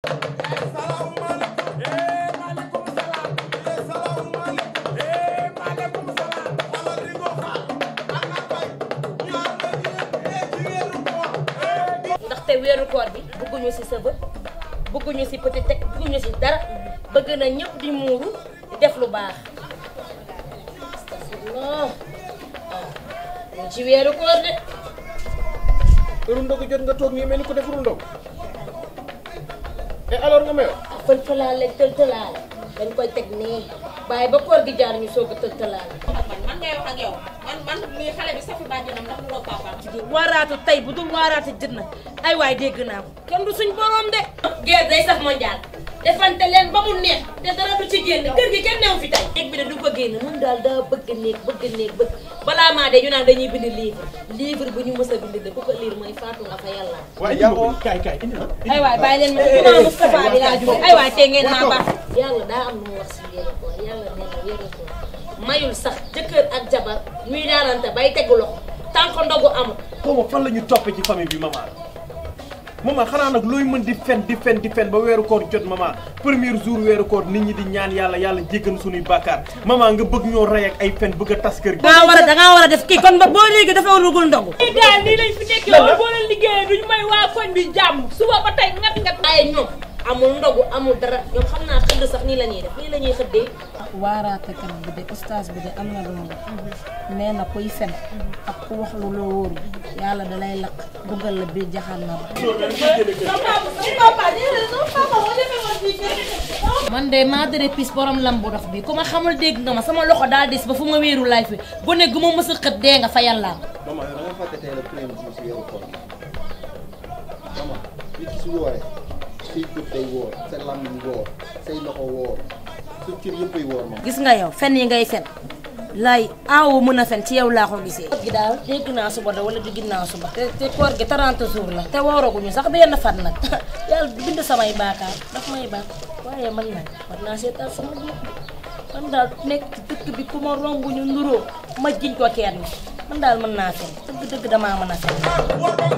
te weeru koor bi bëgguñu ci sëba bëgguñu ci petit teg bëgguñu ci dara bëgg na ñëpp di muuru def lu baax non ci weeru koor de. et alors nga may wax. ah fël-fëlaale tël-tëlaale dañ koy teg nii bàyyi ba koor gi jaar ñu soog a tël-tëlaale. Ah, man man ngay ak yow man man mii xale bi safi bàjjenam ndax mu loo paapaam. waaraatu tey bu dul waaraatu jët na ay waay dégg naa ko. kenn du suñ borom de. géej day sax mondial defante leen ba mu neex de dara du ci génn kër gi kenn neew fi tey. génn moom daal daa bëgg néeg bëgg néeg bëgg balaa maa de ñu naan dañuy bind livre livre bu ñu mës a bind de ku ko lire mooy Fatou nga fa yàlla. waaye yaa ko kaay kaay indi la. ma imam Moustapha bi baax. yàlla daa am lu mu wax si weeru koor yàlla nee na weeru koor mayul sax jëkkër ak jabar muy daarante bay tegu tànk ndogu amul. xaw fan la ñu ci famille bi maman maman xanaa nag looy mën di fen di fen di fen ba weeru koor jot maman premier jour weeru koor nit ñi di ñaan yàlla yàlla jéggal suñuy bàkkaar maman nga bëgg ñoo rey ak ay fen bëgg a tas kër gi. dangaa war a dangaa a def kii kon ba boo léegi dafa rugul ndogu. lii daal nii lañ fi nekkee woon boo leen liggéeyee duñu may waa koñ bi jàmm suba ba tey ngat ngat ay ñoom amul ndogu amul dara ñoom xam naa xëdd sax nii la def nii la xëddee. waaraate kan bi de oustaz bi de am na loolu. nee na kuy fen. ak ku wax lu loo yàlla da lay lakk dugal la biir jaxaan na man de madre pis borom lam bu bi ku ma xamul dégg nga ma sama loxo daa des ba fu ma wéeru laay fi gone gu ma mës a dee nga fa yàlla nga si say put day wóor say làmmiñ wóor say loxo wóor su cir yëppay wóor gis nga yow fenn yi ngay fen laay aawo mën a ci yow laa ko gisee gi daal dégg naa suba da wala di ginnaaw suba te te koor gi 30 jours la te sax bind daf may man sama jiit man daal nekk ci dëkk bi ku ma romb ñu nuroo ma jiñ ko kenn man daal mën naa fen dëgg dëgg damaa